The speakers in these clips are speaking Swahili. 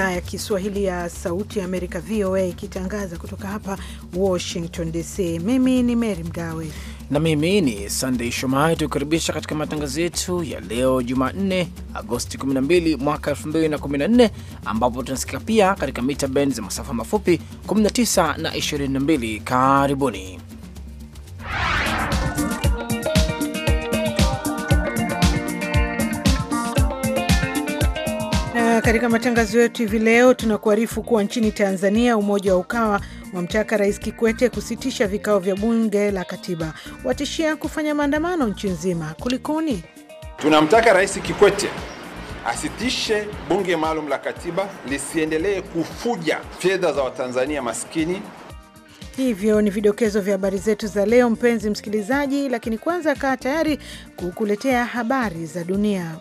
idhaa ya Kiswahili ya Sauti ya Amerika, VOA, ikitangaza kutoka hapa Washington DC. Mimi ni Mary Mgawe na mimi ni Sandey Shomari, tukikaribisha katika matangazo yetu ya leo Jumanne, Agosti 12 mwaka 2014, ambapo tunasikika pia katika mita bend za masafa mafupi 19 na 22. Karibuni. katika matangazo yetu hivi leo tunakuarifu kuwa nchini Tanzania umoja wa UKAWA wamtaka Rais Kikwete kusitisha vikao vya bunge la katiba, watishia kufanya maandamano nchi nzima. Kulikoni? Tunamtaka Rais Kikwete asitishe bunge maalum la katiba lisiendelee kufuja fedha za Watanzania maskini. Hivyo ni vidokezo vya habari zetu za leo, mpenzi msikilizaji, lakini kwanza kaa tayari kukuletea habari za dunia.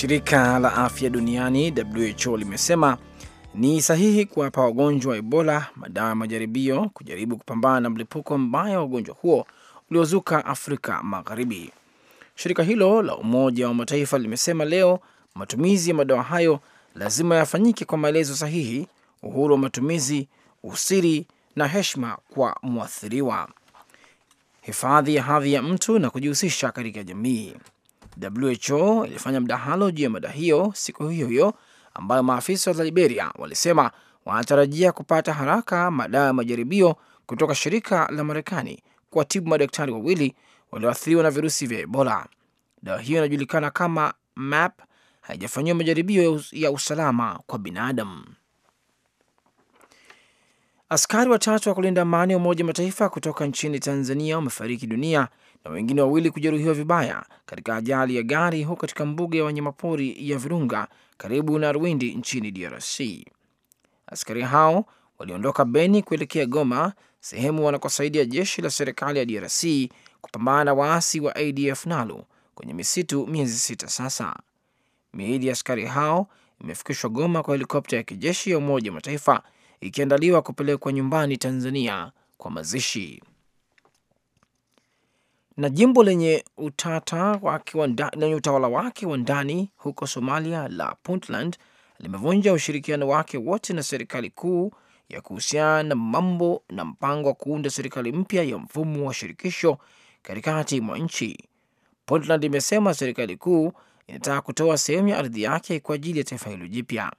Shirika la afya duniani WHO limesema ni sahihi kuwapa wagonjwa wa Ebola madawa ya majaribio kujaribu kupambana na mlipuko mbaya wa ugonjwa huo uliozuka Afrika Magharibi. Shirika hilo la Umoja wa Mataifa limesema leo matumizi ya madawa hayo lazima yafanyike kwa maelezo sahihi, uhuru wa matumizi, usiri na heshima kwa mwathiriwa, hifadhi ya hadhi ya mtu na kujihusisha katika jamii. WHO ilifanya mdahalo juu ya mada hiyo siku hiyo hiyo, ambayo maafisa wa Liberia walisema wanatarajia kupata haraka madawa ya majaribio kutoka shirika la Marekani kuwatibu madaktari wawili walioathiriwa na virusi vya Ebola. Dawa hiyo inajulikana kama MAP, haijafanyiwa majaribio ya usalama kwa binadamu. Askari watatu wa kulinda amani wa Umoja Mataifa kutoka nchini Tanzania wamefariki dunia na wengine wawili kujeruhiwa vibaya katika ajali ya gari huko katika mbuga ya wanyamapori ya Virunga karibu na Rwindi nchini DRC. Askari hao waliondoka Beni kuelekea Goma, sehemu wanakosaidia jeshi la serikali ya DRC kupambana na waasi wa ADF nalo kwenye misitu miezi sita sasa. Miili ya askari hao imefikishwa Goma kwa helikopta ya kijeshi ya Umoja wa Mataifa ikiandaliwa kupelekwa nyumbani Tanzania kwa mazishi na jimbo lenye utata wake lenye utawala wake wa ndani huko Somalia la Puntland limevunja ushirikiano wake wote na serikali kuu ya kuhusiana na mambo na mpango wa kuunda serikali mpya ya mfumo wa shirikisho katikati mwa nchi. Puntland imesema serikali kuu inataka kutoa sehemu ya ardhi yake kwa ajili ya taifa hilo jipya.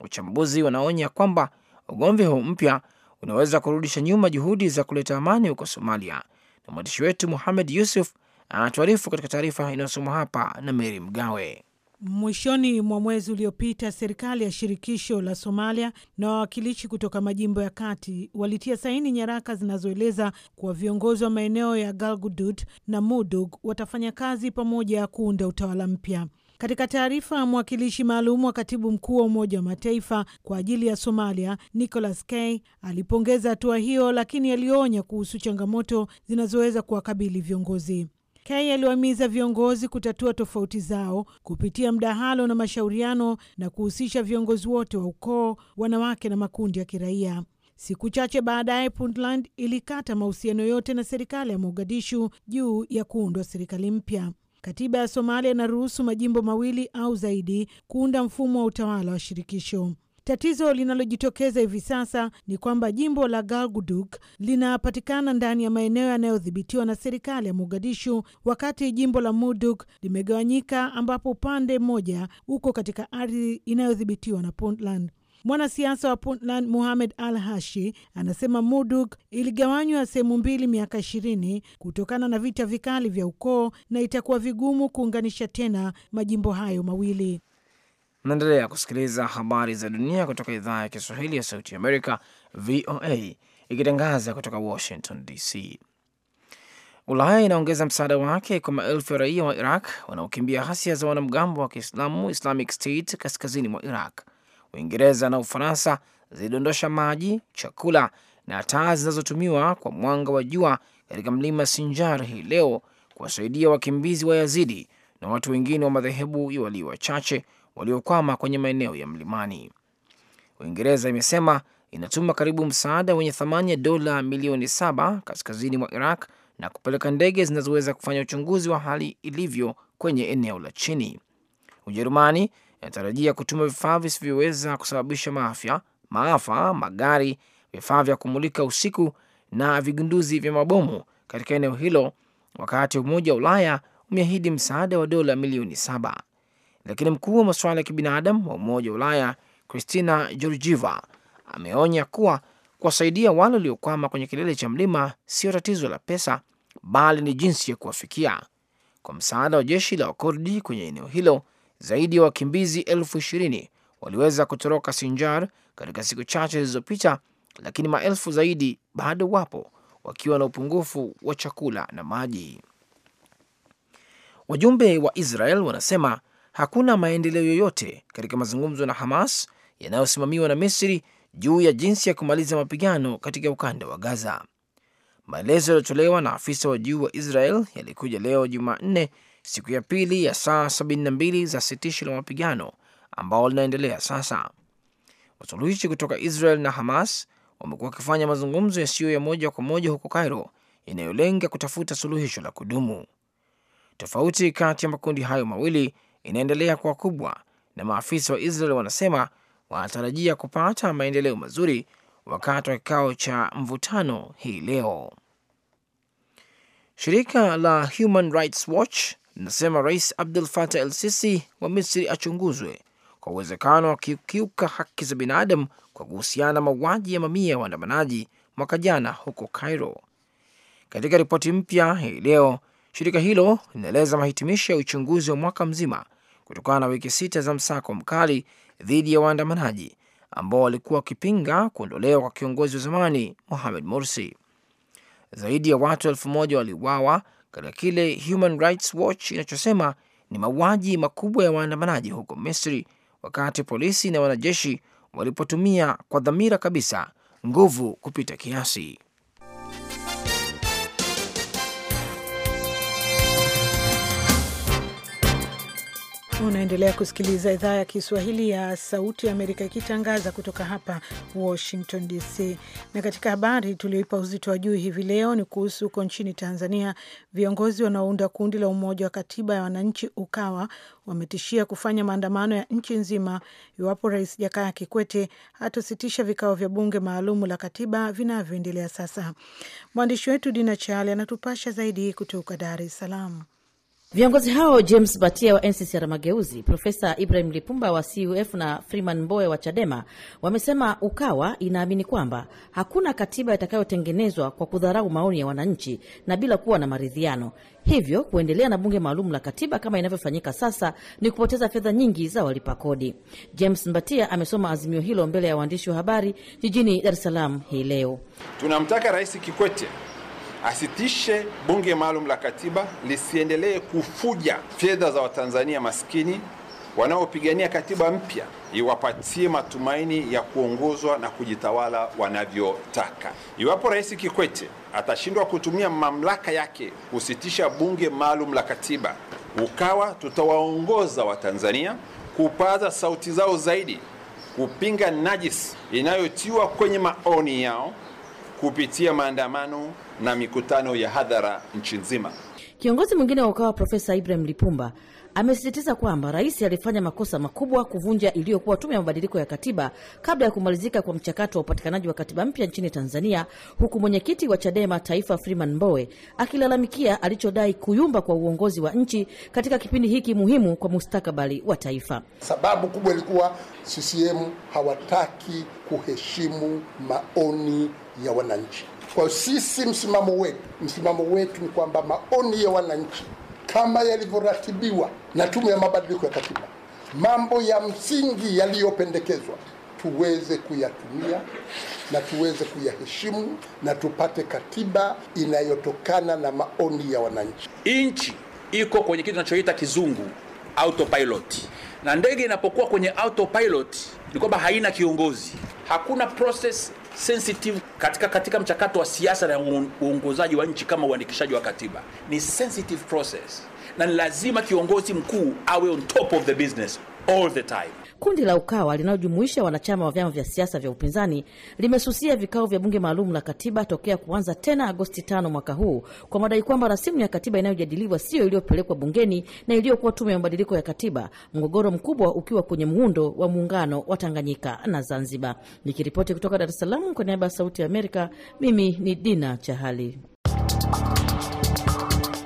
Wachambuzi wanaonya kwamba ugomvi huu mpya unaweza kurudisha nyuma juhudi za kuleta amani huko Somalia na mwandishi wetu Muhamed Yusuf anatuarifu katika taarifa inayosomwa hapa na Meri Mgawe. Mwishoni mwa mwezi uliopita, serikali ya shirikisho la Somalia na wawakilishi kutoka majimbo ya kati walitia saini nyaraka zinazoeleza kuwa viongozi wa maeneo ya Galgudud na Mudug watafanya kazi pamoja ya kuunda utawala mpya. Katika taarifa, mwakilishi maalum wa katibu mkuu wa Umoja wa Mataifa kwa ajili ya Somalia Nicholas K alipongeza hatua hiyo, lakini alionya kuhusu changamoto zinazoweza kuwakabili viongozi. K aliwahimiza viongozi kutatua tofauti zao kupitia mdahalo na mashauriano na kuhusisha viongozi wote wa ukoo, wanawake na makundi ya kiraia. Siku chache baadaye Puntland ilikata mahusiano yote na serikali ya Mogadishu juu ya kuundwa serikali mpya. Katiba ya Somalia inaruhusu majimbo mawili au zaidi kuunda mfumo wa utawala wa shirikisho. Tatizo linalojitokeza hivi sasa ni kwamba jimbo la Galguduk linapatikana ndani ya maeneo yanayodhibitiwa na serikali ya Mogadishu, wakati jimbo la muduk limegawanyika, ambapo upande mmoja uko katika ardhi inayodhibitiwa na Puntland. Mwanasiasa wa Puntland Muhamed Al Hashi anasema muduk iligawanywa sehemu mbili miaka ishirini kutokana na vita vikali vya ukoo na itakuwa vigumu kuunganisha tena majimbo hayo mawili. Naendelea kusikiliza habari za dunia kutoka idhaa ya Kiswahili ya Sauti Amerika, VOA, ikitangaza kutoka Washington DC. Ulaya inaongeza msaada wake kwa maelfu ya raia wa Iraq wanaokimbia ghasia za wanamgambo wa Kiislamu, Islamic State, kaskazini mwa Iraq. Uingereza na Ufaransa zilidondosha maji, chakula na taa zinazotumiwa kwa mwanga wa jua katika mlima Sinjar hii leo kuwasaidia wakimbizi wa Yazidi na watu wengine wa madhehebu walio wachache waliokwama kwenye maeneo ya mlimani. Uingereza imesema inatuma karibu msaada wenye thamani ya dola milioni saba kaskazini mwa Iraq na kupeleka ndege zinazoweza kufanya uchunguzi wa hali ilivyo kwenye eneo la chini. Ujerumani inatarajia kutuma vifaa visivyoweza kusababisha maafya, maafa, magari, vifaa vya kumulika usiku na vigunduzi vya mabomu katika eneo hilo, wakati Umoja wa Ulaya umeahidi msaada wa dola milioni saba. Lakini mkuu wa masuala ya kibinadamu wa Umoja wa Ulaya Kristina Georgieva ameonya kuwa kuwasaidia wale waliokwama kwenye kilele cha mlima sio tatizo la pesa, bali ni jinsi ya kuwafikia. Kwa msaada wa jeshi la Wakurdi kwenye eneo hilo zaidi ya wakimbizi elfu ishirini waliweza kutoroka Sinjar katika siku chache zilizopita, lakini maelfu zaidi bado wapo wakiwa na upungufu wa chakula na maji. Wajumbe wa Israel wanasema hakuna maendeleo yoyote katika mazungumzo na Hamas yanayosimamiwa na Misri juu ya jinsi ya kumaliza mapigano katika ukanda wa Gaza. Maelezo yaliyotolewa na afisa wa juu wa Israel yalikuja leo Jumanne siku ya pili ya saa 72 za sitisho la mapigano ambao linaendelea sasa. Wasuluhishi kutoka Israel na Hamas wamekuwa wakifanya mazungumzo yasiyo ya moja kwa moja huko Cairo yanayolenga kutafuta suluhisho la kudumu. Tofauti kati ya makundi hayo mawili inaendelea kuwa kubwa, na maafisa wa Israel wanasema wanatarajia kupata maendeleo mazuri wakati wa kikao cha mvutano hii leo. Shirika la Human Rights Watch inasema Rais Abdul Fatah El Sisi wa Misri achunguzwe kwa uwezekano wa kukiuka haki za binadamu kwa kuhusiana na mauaji ya mamia ya waandamanaji mwaka jana huko Cairo. Katika ripoti mpya hii leo, shirika hilo linaeleza mahitimisho ya uchunguzi wa mwaka mzima kutokana na wiki sita za msako mkali dhidi ya waandamanaji ambao walikuwa wakipinga kuondolewa kwa kiongozi wa zamani Mohamed Morsi. Zaidi ya watu elfu moja waliuawa katika kile Human Rights Watch inachosema ni mauaji makubwa ya waandamanaji huko Misri, wakati polisi na wanajeshi walipotumia kwa dhamira kabisa nguvu kupita kiasi. Unaendelea kusikiliza idhaa ya Kiswahili ya Sauti ya Amerika ikitangaza kutoka hapa Washington DC. Na katika habari tulioipa uzito wa juu hivi leo ni kuhusu huko nchini Tanzania, viongozi wanaounda kundi la Umoja wa Katiba ya Wananchi UKAWA wametishia kufanya maandamano ya nchi nzima iwapo Rais Jakaya Kikwete hatositisha vikao vya bunge maalumu la katiba vinavyoendelea sasa. Mwandishi wetu Dina Chale anatupasha zaidi kutoka Dar es Salaam. Viongozi hao James Batia wa NCCR Mageuzi, Profesa Ibrahim Lipumba wa CUF na Freeman mboe wa CHADEMA wamesema UKAWA inaamini kwamba hakuna katiba itakayotengenezwa kwa kudharau maoni ya wananchi na bila kuwa na maridhiano, hivyo kuendelea na bunge maalum la katiba kama inavyofanyika sasa ni kupoteza fedha nyingi za walipa kodi. James Mbatia amesoma azimio hilo mbele ya waandishi wa habari jijini Dar es Salaam hii leo. Tunamtaka Rais Kikwete asitishe bunge maalum la katiba lisiendelee kufuja fedha za Watanzania maskini wanaopigania katiba mpya iwapatie matumaini ya kuongozwa na kujitawala wanavyotaka. Iwapo Rais Kikwete atashindwa kutumia mamlaka yake kusitisha bunge maalum la katiba, UKAWA tutawaongoza Watanzania kupaza sauti zao zaidi kupinga najisi inayotiwa kwenye maoni yao kupitia maandamano na mikutano ya hadhara nchi nzima. Kiongozi mwingine wa UKAWA Profesa Ibrahim Lipumba amesisitiza kwamba rais alifanya makosa makubwa kuvunja iliyokuwa tume ya mabadiliko ya katiba kabla ya kumalizika kwa mchakato wa upatikanaji wa katiba mpya nchini Tanzania, huku mwenyekiti wa CHADEMA Taifa Freeman Mbowe akilalamikia alichodai kuyumba kwa uongozi wa nchi katika kipindi hiki muhimu kwa mustakabali wa taifa. Sababu kubwa ilikuwa CCM hawataki kuheshimu maoni ya wananchi. Kwa sisi, msimamo wetu msimamo wetu ni kwamba maoni ya wananchi kama yalivyoratibiwa na Tume ya Mabadiliko ya Katiba, mambo ya msingi yaliyopendekezwa tuweze kuyatumia na tuweze kuyaheshimu na tupate katiba inayotokana na maoni ya wananchi. Nchi iko kwenye kitu tunachoita kizungu autopilot, na ndege inapokuwa kwenye autopilot ni kwamba haina kiongozi, hakuna process sensitive katika, katika mchakato wa siasa na uongozaji wa nchi kama uandikishaji wa katiba ni sensitive process, na ni lazima kiongozi mkuu awe on top of the business all the time. Kundi la Ukawa linalojumuisha wanachama wa vyama vya siasa vya upinzani limesusia vikao vya bunge maalum la katiba tokea kuanza tena Agosti tano mwaka huu kwa madai kwamba rasimu ya katiba inayojadiliwa siyo iliyopelekwa bungeni na iliyokuwa tume ya mabadiliko ya katiba, mgogoro mkubwa ukiwa kwenye muundo wa muungano wa Tanganyika na Zanzibar. Nikiripoti kutoka Dar es Salaam kwa niaba ya Sauti ya Amerika, mimi ni Dina Chahali.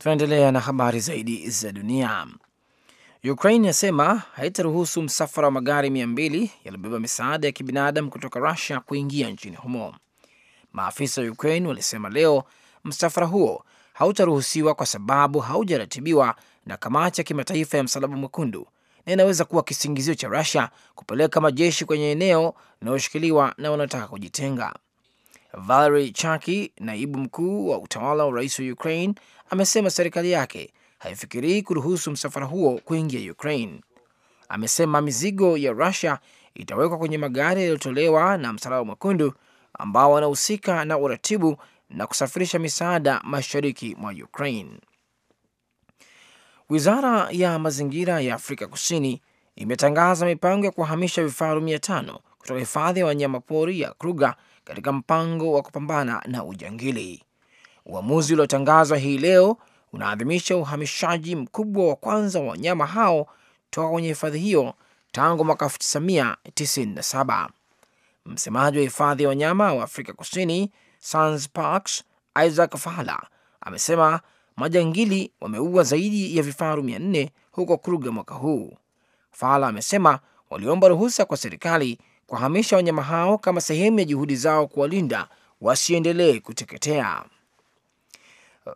Tunaendelea na habari zaidi za dunia. Ukraine inasema haitaruhusu msafara wa magari mia mbili yaliyobeba misaada ya kibinadamu kutoka Rusia kuingia nchini humo. Maafisa wa Ukraine walisema leo msafara huo hautaruhusiwa kwa sababu haujaratibiwa na kamati ya kimataifa ya Msalaba Mwekundu na inaweza kuwa kisingizio cha Rusia kupeleka majeshi kwenye eneo linaloshikiliwa na wanaotaka kujitenga. Valery Chaki, naibu mkuu wa utawala wa rais wa Ukraine, amesema serikali yake haifikirii kuruhusu msafara huo kuingia Ukraine. Amesema mizigo ya Rusia itawekwa kwenye magari yaliyotolewa na Msalaba Mwekundu ambao wanahusika na uratibu na kusafirisha misaada mashariki mwa Ukraine. Wizara ya mazingira ya Afrika Kusini imetangaza mipango ya kuhamisha vifaru mia tano kutoka hifadhi ya wanyamapori ya Kruger katika mpango wa kupambana na ujangili. Uamuzi uliotangazwa hii leo unaadhimisha uhamishaji mkubwa wa kwanza wa wanyama hao toka kwenye hifadhi hiyo tangu mwaka 1997. Msemaji wa hifadhi ya wanyama wa Afrika Kusini Sans Parks Isaac Fahala amesema majangili wameua zaidi ya vifaru 400 huko Kruger mwaka huu. Fahala amesema waliomba ruhusa kwa serikali kuhamisha wanyama hao kama sehemu ya juhudi zao kuwalinda wasiendelee kuteketea.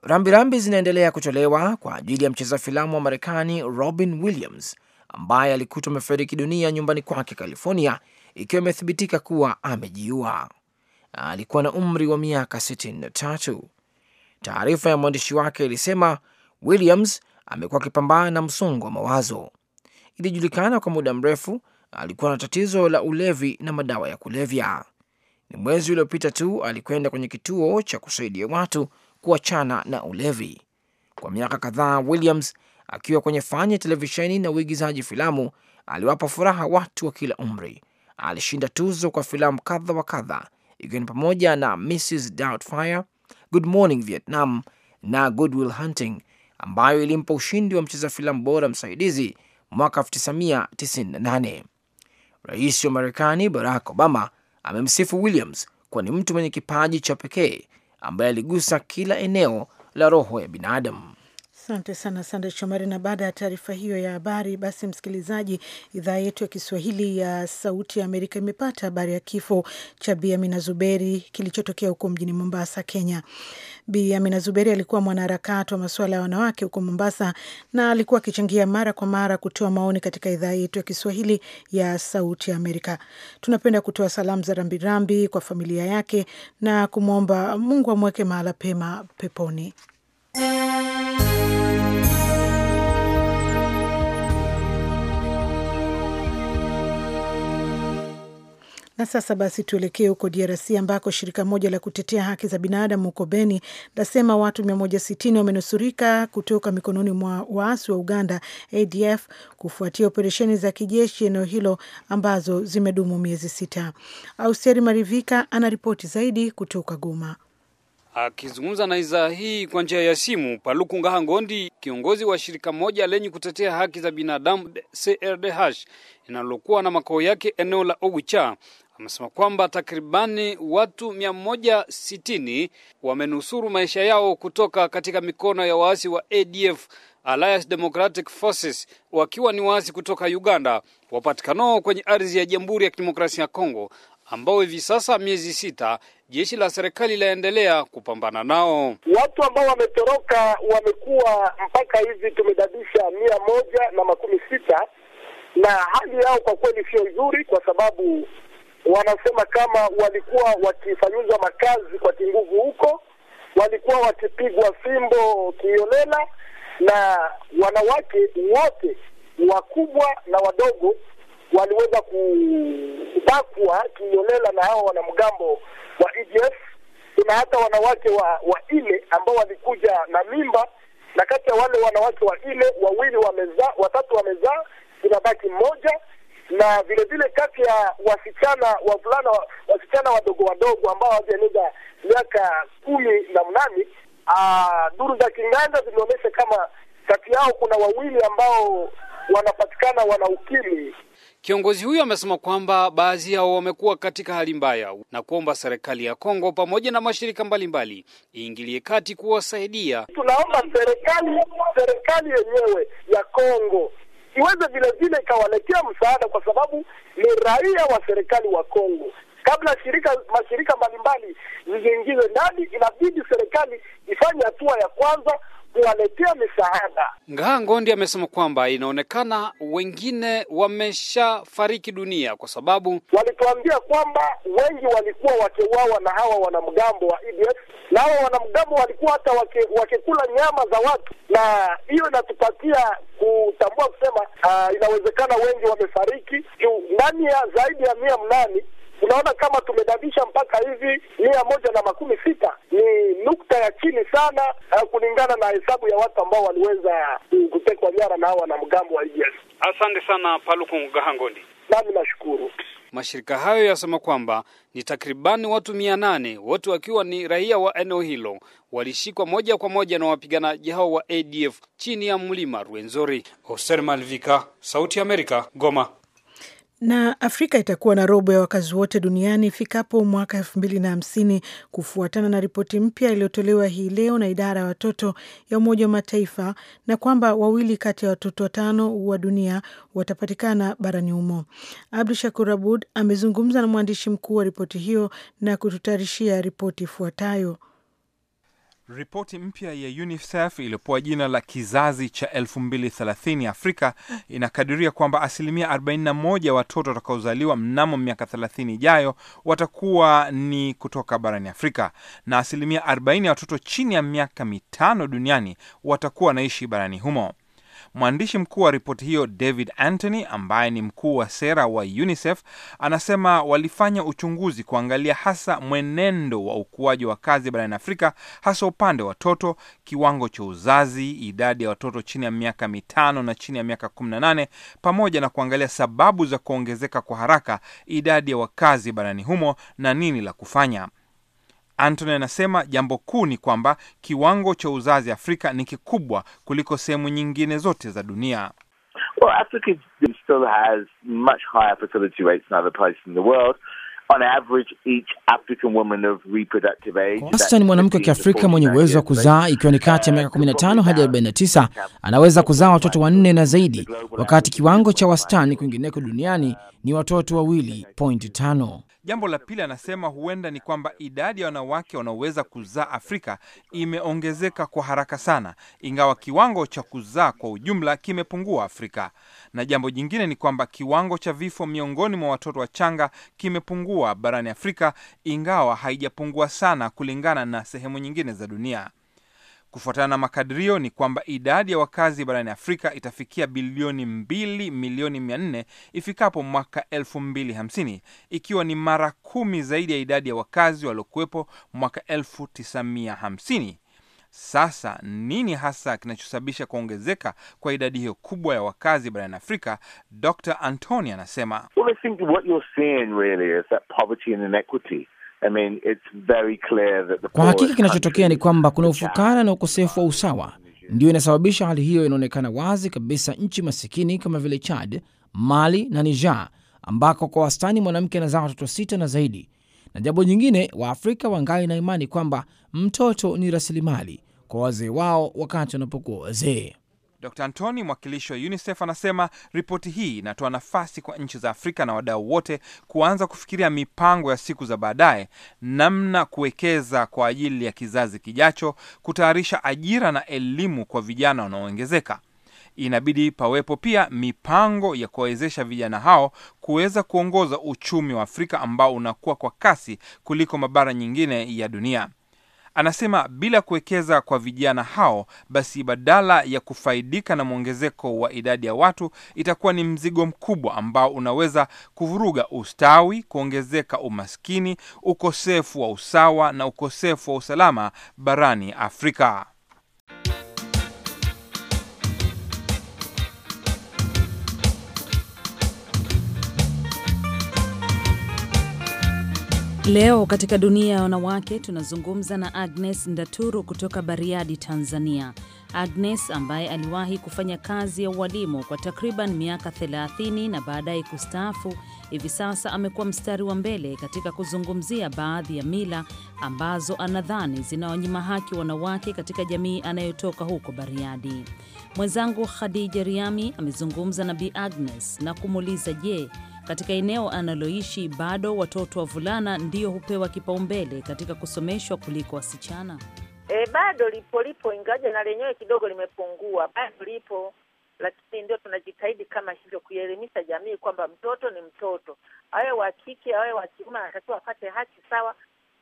Rambirambi zinaendelea kutolewa kwa ajili ya mcheza filamu wa Marekani Robin Williams ambaye alikutwa amefariki dunia nyumbani kwake California, ikiwa imethibitika kuwa amejiua. Alikuwa na umri wa miaka 63. Taarifa ya mwandishi wake ilisema Williams amekuwa akipambana na msongo wa mawazo. Ilijulikana kwa muda mrefu alikuwa na tatizo la ulevi na madawa ya kulevya. Ni mwezi uliopita tu alikwenda kwenye kituo cha kusaidia watu kuachana na ulevi. Kwa miaka kadhaa, Williams akiwa kwenye fani ya televisheni na uigizaji filamu, aliwapa furaha watu wa kila umri. Alishinda tuzo kwa filamu kadha wa kadha, ikiwa ni pamoja na Mrs Doubtfire, Good Morning Vietnam na Good Will Hunting, ambayo ilimpa ushindi wa mcheza filamu bora msaidizi mwaka 1998. Rais wa Marekani Barack Obama amemsifu Williams kuwa ni mtu mwenye kipaji cha pekee ambaye aligusa kila eneo la roho ya binadamu. Asante sana Sande Shomari. Na baada ya taarifa hiyo ya habari, basi msikilizaji, idhaa yetu ya Kiswahili ya Sauti ya Amerika imepata habari ya kifo cha Bi Amina Zuberi kilichotokea huko mjini Mombasa, Kenya. Bi Amina Zuberi alikuwa mwanaharakati wa masuala ya wanawake huko Mombasa na alikuwa akichangia mara kwa mara kutoa maoni katika idhaa yetu ya Kiswahili ya Sauti ya Amerika. Tunapenda kutoa salamu za rambirambi kwa familia yake na kumwomba Mungu amweke mahala pema peponi. Na sasa basi tuelekee huko DRC ambako shirika moja la kutetea haki za binadamu huko Beni lasema watu 160 wamenusurika kutoka mikononi mwa waasi wa Uganda ADF kufuatia operesheni za kijeshi eneo hilo ambazo zimedumu miezi sita. Austeri Marivika anaripoti zaidi kutoka Goma. Akizungumza na idhaa hii kwa njia ya simu, Paluku Ngaha Ngondi, kiongozi wa shirika moja lenye kutetea haki za binadamu CRDH inalokuwa na makao yake eneo la Ogucha, amesema kwamba takribani watu 160 wamenusuru maisha yao kutoka katika mikono ya waasi wa ADF Alliance Democratic Forces wakiwa ni waasi kutoka Uganda wapatikanao kwenye ardhi ya Jamhuri ya Kidemokrasia ya Kongo ambao hivi sasa miezi sita jeshi la serikali linaendelea kupambana nao. Watu ambao wametoroka wamekuwa mpaka hivi tumedadisha mia moja na makumi sita na hali yao kwa kweli sio nzuri, kwa sababu wanasema kama walikuwa wakifanyuzwa makazi kwa kinguvu huko, walikuwa wakipigwa fimbo kiolela, na wanawake wote wakubwa na wadogo waliweza kubakwa kiolela na hawa wanamgambo wa EDF. Kuna hata wanawake wa, wa ile ambao walikuja na mimba, na kati ya wale wanawake wa ile wawili wamezaa, watatu wamezaa, baki mmoja na vile vile kati ya wasichana wavulana, wasichana wadogo wadogo ambao hawajaeneza miaka kumi na mnane. Duru ah, za kinganja zimeonyesha kama kati yao kuna wawili ambao wanapatikana wana ukimi Kiongozi huyo amesema kwamba baadhi yao wamekuwa katika hali mbaya na kuomba serikali ya Kongo pamoja na mashirika mbalimbali iingilie kati kuwasaidia. Tunaomba serikali serikali yenyewe ya Kongo iweze vilevile ikawaletea msaada, kwa sababu ni raia wa serikali wa Kongo kabla shirika mashirika mbalimbali zijiingize ndani, inabidi serikali ifanye hatua ya kwanza kuwaletea misaada. ngaa Ngondi amesema kwamba inaonekana wengine wameshafariki dunia, kwa sababu walituambia kwamba wengi walikuwa wakeuawa na hawa wanamgambo wa EDF, na hawa wanamgambo walikuwa hata wakekula wake nyama za watu, na hiyo inatupatia kutambua kusema, uh, inawezekana wengi wamefariki juu ndani ya zaidi ya mia mnani Unaona kama tumedadisha mpaka hivi mia moja na makumi sita ni nukta ya chini sana uh, kulingana na hesabu ya watu ambao waliweza kutekwa nyara na mgambo wa ADF. Asante sana Paluku Ngahangondi, nami nashukuru. Mashirika hayo yasema kwamba ni takribani watu mia nane wote wakiwa ni raia wa eneo hilo walishikwa moja kwa moja na wapiganaji hao wa ADF chini ya mlima Rwenzori. Oser Malvika, Sauti ya Amerika, Goma na Afrika itakuwa na robo ya wakazi wote duniani ifikapo mwaka elfu mbili na hamsini kufuatana na ripoti mpya iliyotolewa hii leo na idara ya watoto ya Umoja wa Mataifa, na kwamba wawili kati ya watoto watano wa dunia watapatikana barani humo. Abdu Shakur Abud amezungumza na mwandishi mkuu wa ripoti hiyo na kututayarishia ripoti ifuatayo. Ripoti mpya ya UNICEF iliyopewa jina la kizazi cha 2030 Afrika inakadiria kwamba asilimia 41 ya watoto watakaozaliwa mnamo miaka 30 ijayo watakuwa ni kutoka barani Afrika na asilimia 40 ya watoto chini ya miaka mitano duniani watakuwa wanaishi barani humo. Mwandishi mkuu wa ripoti hiyo David Anthony, ambaye ni mkuu wa sera wa UNICEF, anasema walifanya uchunguzi kuangalia hasa mwenendo wa ukuaji wa kazi barani Afrika, hasa upande wa watoto, kiwango cha uzazi, idadi ya watoto chini ya miaka mitano na chini ya miaka 18, pamoja na kuangalia sababu za kuongezeka kwa haraka idadi ya wakazi barani humo na nini la kufanya. Antony anasema jambo kuu ni kwamba kiwango cha uzazi Afrika ni kikubwa kuliko sehemu nyingine zote za dunia. Well, Wastani mwanamke wa Kiafrika mwenye uwezo wa kuzaa ikiwa ni kati ya miaka 15 uh, hadi 49 anaweza kuzaa watoto wanne na zaidi, wakati kiwango cha wastani kwingineko duniani ni watoto wawili point tano. Jambo la pili anasema huenda ni kwamba idadi ya wanawake wanaoweza kuzaa Afrika imeongezeka kwa haraka sana, ingawa kiwango cha kuzaa kwa ujumla kimepungua Afrika. Na jambo jingine ni kwamba kiwango cha vifo miongoni mwa watoto wachanga kimepungua barani Afrika, ingawa haijapungua sana kulingana na sehemu nyingine za dunia. Kufuatana na makadirio ni kwamba idadi ya wakazi barani Afrika itafikia bilioni 2 milioni 4 ifikapo mwaka elfu ikiwa ni mara kumi zaidi ya idadi ya wakazi waliokuwepo mwaka elfu Sasa nini hasa kinachosababisha kuongezeka kwa idadi hiyo kubwa ya wakazi barani Afrika? Dr antoni anasema well, I mean, it's very clear that the kwa hakika kinachotokea ni kwamba kuna ufukara na ukosefu wa usawa ndiyo inasababisha hali hiyo. Inaonekana wazi kabisa nchi masikini kama vile Chad, Mali na Niger, ambako kwa wastani mwanamke anazaa watoto sita na zaidi. Na jambo nyingine, Waafrika wangali na imani kwamba mtoto ni rasilimali kwa wazee wao wakati wanapokuwa wazee. Dr Antoni, mwakilishi wa UNICEF, anasema ripoti hii inatoa nafasi kwa nchi za Afrika na wadau wote kuanza kufikiria mipango ya siku za baadaye, namna kuwekeza kwa ajili ya kizazi kijacho, kutayarisha ajira na elimu kwa vijana wanaoongezeka. Inabidi pawepo pia mipango ya kuwawezesha vijana hao kuweza kuongoza uchumi wa Afrika ambao unakuwa kwa kasi kuliko mabara nyingine ya dunia. Anasema bila kuwekeza kwa vijana hao, basi badala ya kufaidika na mwongezeko wa idadi ya watu, itakuwa ni mzigo mkubwa ambao unaweza kuvuruga ustawi, kuongezeka umaskini, ukosefu wa usawa na ukosefu wa usalama barani Afrika. Leo katika dunia ya wanawake tunazungumza na Agnes Ndaturu kutoka Bariadi, Tanzania. Agnes ambaye aliwahi kufanya kazi ya ualimu kwa takriban miaka 30 na baadaye kustaafu, hivi sasa amekuwa mstari wa mbele katika kuzungumzia baadhi ya mila ambazo anadhani zinawanyima haki wanawake katika jamii anayotoka huko Bariadi. Mwenzangu Khadija Riami amezungumza na Bi Agnes na kumuuliza je, katika eneo analoishi bado watoto wa vulana ndio hupewa kipaumbele katika kusomeshwa kuliko wasichana? E, bado lipo lipo, ingawaje na lenyewe kidogo limepungua, bado lipo lakini ndio tunajitahidi kama hivyo kuielimisha jamii kwamba mtoto ni mtoto, awe wa kike awe wa kiume, anatakiwa apate haki sawa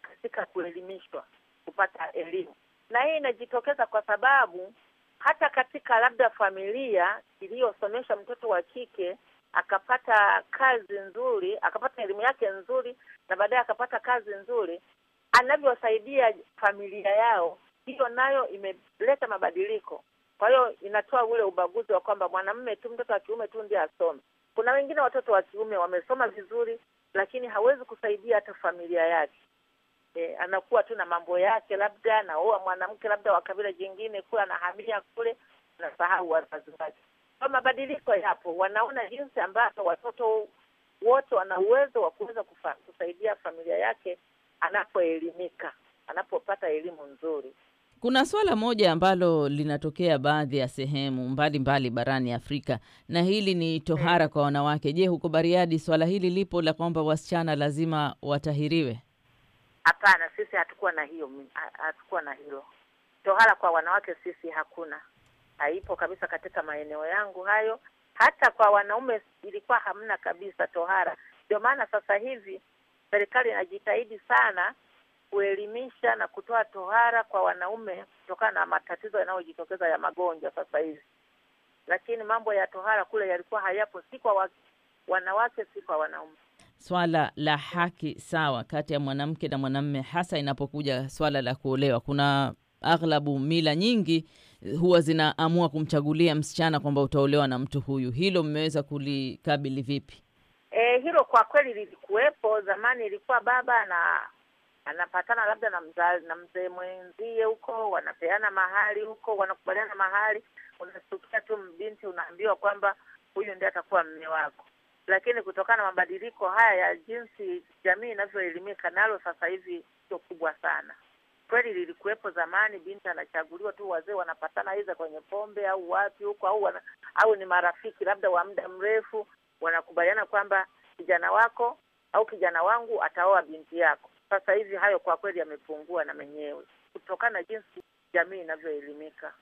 katika kuelimishwa, kupata elimu. Na hii inajitokeza kwa sababu hata katika labda familia iliyosomesha mtoto wa kike akapata kazi nzuri, akapata elimu yake nzuri, na baadaye akapata kazi nzuri, anavyowasaidia familia yao, hiyo nayo imeleta mabadiliko. Kwa hiyo inatoa ule ubaguzi wa kwamba mwanamume tu, mtoto wa kiume tu ndiye asome. Kuna wengine watoto wa kiume wamesoma vizuri, lakini hawezi kusaidia hata familia yake. E, anakuwa tu na mambo yake, labda anaoa mwanamke labda wa kabila jingine kule, anahamia kule, anasahau wazazi wake kwa mabadiliko yapo, wanaona jinsi ambavyo watoto wote wana uwezo wa kuweza kusaidia familia yake anapoelimika, anapopata elimu nzuri. Kuna swala moja ambalo linatokea baadhi ya sehemu mbalimbali mbali barani Afrika, na hili ni tohara kwa wanawake. Je, huko Bariadi swala hili lipo la kwamba wasichana lazima watahiriwe? Hapana, sisi hatukuwa na hiyo, hatukuwa na hilo tohara kwa wanawake, sisi hakuna haipo kabisa katika maeneo yangu hayo. Hata kwa wanaume ilikuwa hamna kabisa tohara. Ndio maana sasa hivi serikali inajitahidi sana kuelimisha na kutoa tohara kwa wanaume kutokana na matatizo yanayojitokeza ya magonjwa sasa hivi, lakini mambo ya tohara kule yalikuwa hayapo, si kwa wanawake, si kwa wanaume. Swala la haki sawa kati ya mwanamke na mwanaume hasa inapokuja swala la kuolewa, kuna aghlabu mila nyingi huwa zinaamua kumchagulia msichana kwamba utaolewa na mtu huyu. Hilo mmeweza kulikabili vipi? E, hilo kwa kweli lilikuwepo zamani. Ilikuwa baba na anapatana labda na mzazi na mzee mwenzie huko, wanapeana mahali huko, wanakubaliana mahali, unasukia tu binti, unaambiwa kwamba huyu ndiye atakuwa mme wako. Lakini kutokana na mabadiliko haya ya jinsi jamii inavyoelimika, nalo sasa hivi sio kubwa sana kweli lilikuwepo zamani, binti anachaguliwa tu, wazee wanapatana iza kwenye pombe au wapi huko, au wana, au ni marafiki labda wa muda mrefu, wanakubaliana kwamba kijana wako au kijana wangu ataoa binti yako. Sasa hivi hayo kwa kweli yamepungua na menyewe, kutokana na jinsi jamii inavyoelimika.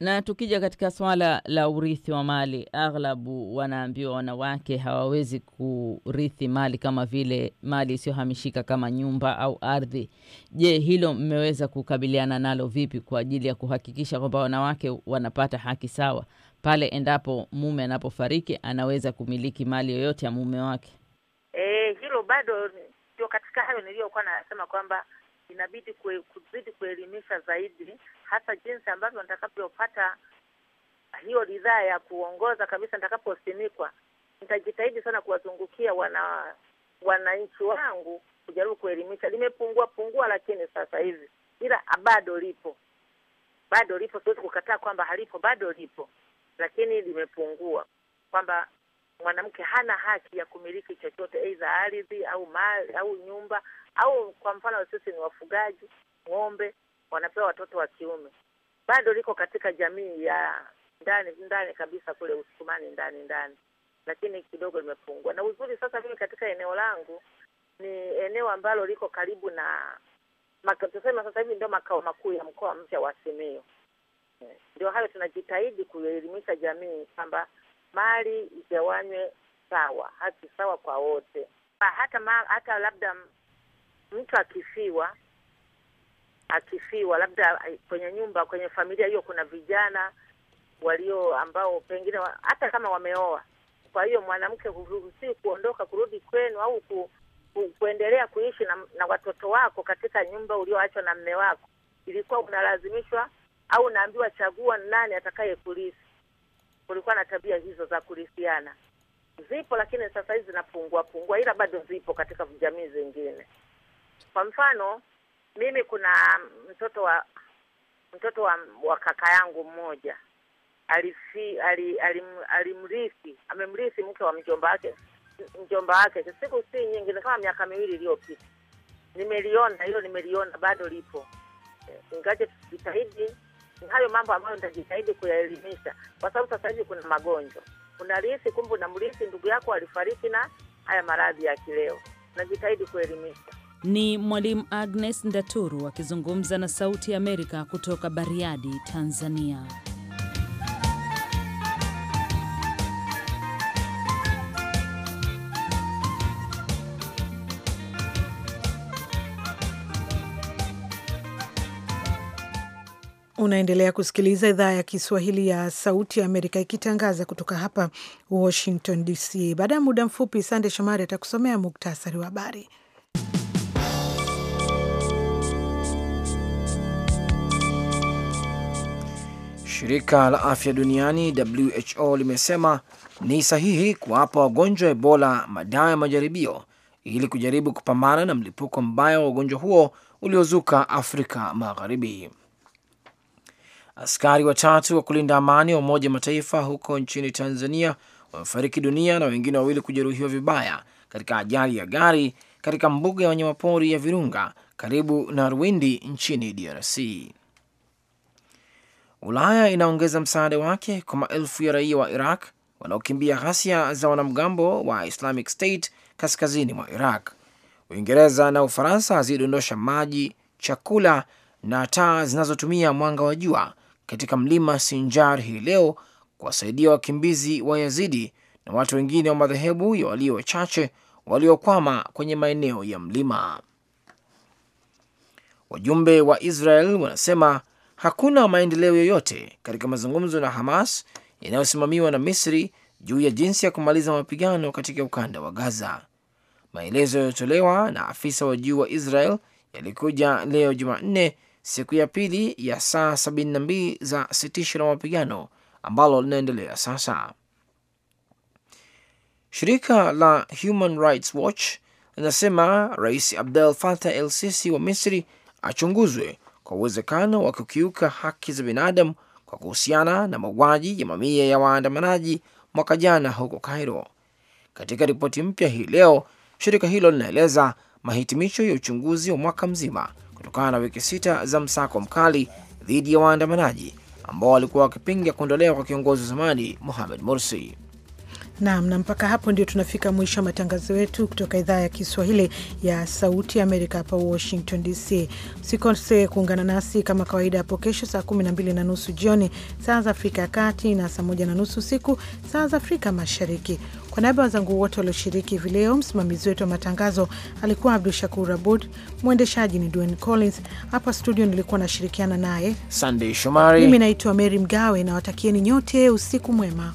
Na tukija katika swala la urithi wa mali, aghlabu wanaambiwa wanawake hawawezi kurithi mali kama vile mali isiyohamishika kama nyumba au ardhi. Je, hilo mmeweza kukabiliana nalo vipi kwa ajili ya kuhakikisha kwamba wanawake wanapata haki sawa pale endapo mume anapofariki anaweza kumiliki mali yoyote ya mume wake? E, hilo bado ndio katika hayo niliyokuwa nasema kwamba inabidi kuzidi kuelimisha zaidi hasa jinsi ambavyo nitakavyopata hiyo ridhaa ya kuongoza kabisa nitakaposimikwa. Nitajitahidi sana kuwazungukia wana wananchi wangu kujaribu kuelimisha. Limepungua pungua, lakini sasa hivi, ila bado lipo, bado lipo. Siwezi kukataa kwamba halipo, bado lipo, lakini limepungua, kwamba mwanamke hana haki ya kumiliki chochote, aidha ardhi au mali au nyumba au, kwa mfano sisi ni wafugaji ng'ombe wanapewa watoto wa kiume, bado liko katika jamii ya ndani ndani kabisa kule Usukumani ndani ndani, lakini kidogo limepungua. Na uzuri sasa, mimi katika eneo langu ni eneo ambalo liko karibu na tuseme, sasa hivi ndio makao makuu ya mkoa mpya wa Simiyu. Ndio hayo tunajitahidi kuelimisha jamii kwamba mali igawanywe sawa, haki sawa kwa wote. Hata ma, hata labda mtu akifiwa akifiwa, labda eh, kwenye nyumba, kwenye familia hiyo kuna vijana walio ambao pengine wa, hata kama wameoa. Kwa hiyo mwanamke huruhusiwi kuondoka kurudi kwenu au ku, ku, kuendelea kuishi na, na watoto wako katika nyumba ulioachwa na mme wako. Ilikuwa unalazimishwa au unaambiwa chagua nani atakayekulisi. Kulikuwa na tabia hizo za kulisiana, zipo lakini sasa hizi zinapungua pungua, ila bado zipo katika jamii zingine. Kwa mfano mimi kuna mtoto wa mtoto wa, wa kaka yangu mmoja alifi ali, alim, alimrithi amemrithi mke wa mjomba wake mjomba wake, siku si nyingi, ni kama miaka miwili iliyopita. Nimeliona hilo, nimeliona bado lipo ingaje, tujitahidi. Hayo mambo ambayo nitajitahidi kuyaelimisha, kwa sababu sasa hivi kuna magonjwa, kuna risi kumbe unamrithi ndugu yako alifariki na haya maradhi ya kileo. Najitahidi kuelimisha ni Mwalimu Agnes Ndaturu akizungumza na Sauti ya Amerika kutoka Bariadi, Tanzania. Unaendelea kusikiliza idhaa ya Kiswahili ya Sauti ya Amerika ikitangaza kutoka hapa Washington DC. Baada ya muda mfupi, Sande Shomari atakusomea muktasari wa habari. Shirika la afya duniani WHO limesema ni sahihi kuwapa wagonjwa Ebola madawa ya majaribio ili kujaribu kupambana na mlipuko mbaya wa ugonjwa huo uliozuka Afrika Magharibi. Askari watatu wa kulinda amani wa Umoja Mataifa huko nchini Tanzania wamefariki dunia na wengine wawili kujeruhiwa vibaya katika ajali ya gari katika mbuga ya wanyamapori ya Virunga karibu na Rwindi nchini DRC. Ulaya inaongeza msaada wake kwa maelfu ya raia wa Iraq wanaokimbia ghasia za wanamgambo wa Islamic State kaskazini mwa Iraq. Uingereza na Ufaransa zilidondosha maji, chakula na taa zinazotumia mwanga wa jua katika mlima Sinjar hii leo kuwasaidia wakimbizi wa Yazidi na watu wengine wa madhehebu ya walio wachache waliokwama kwenye maeneo ya mlima. Wajumbe wa Israel wanasema hakuna maendeleo yoyote katika mazungumzo na Hamas yanayosimamiwa na Misri juu ya jinsi ya kumaliza mapigano katika ukanda wa Gaza. Maelezo yaliyotolewa na afisa wa juu wa Israel yalikuja leo Jumanne, siku ya pili ya saa 72 za sitisho la mapigano ambalo linaendelea sasa. Shirika la Human Rights Watch linasema Rais Abdel Fattah El Sisi wa Misri achunguzwe kwa uwezekano wa kukiuka haki za binadamu kwa kuhusiana na mauaji ya mamia ya waandamanaji mwaka jana huko Cairo. Katika ripoti mpya hii leo, shirika hilo linaeleza mahitimisho ya uchunguzi wa mwaka mzima kutokana na wiki sita za msako mkali dhidi ya waandamanaji ambao walikuwa wakipinga kuondolewa kwa kiongozi wa zamani Mohamed Morsi. Naam, na mpaka hapo ndio tunafika mwisho wa matangazo yetu kutoka idhaa ya Kiswahili ya Sauti ya Amerika hapa Washington DC. Usikose kuungana nasi kama kawaida hapo kesho saa kumi na mbili na nusu jioni saa za Afrika ya Kati na saa moja na nusu usiku saa za Afrika Mashariki. Kwa niaba wenzangu wote walioshiriki hivi leo, msimamizi wetu wa matangazo alikuwa Abdu Shakur Abud, mwendeshaji ni Dwayne Collins. Hapa studio nilikuwa nashirikiana naye Sandey Shomari. Mimi naitwa Mary Mgawe, nawatakieni nyote usiku mwema.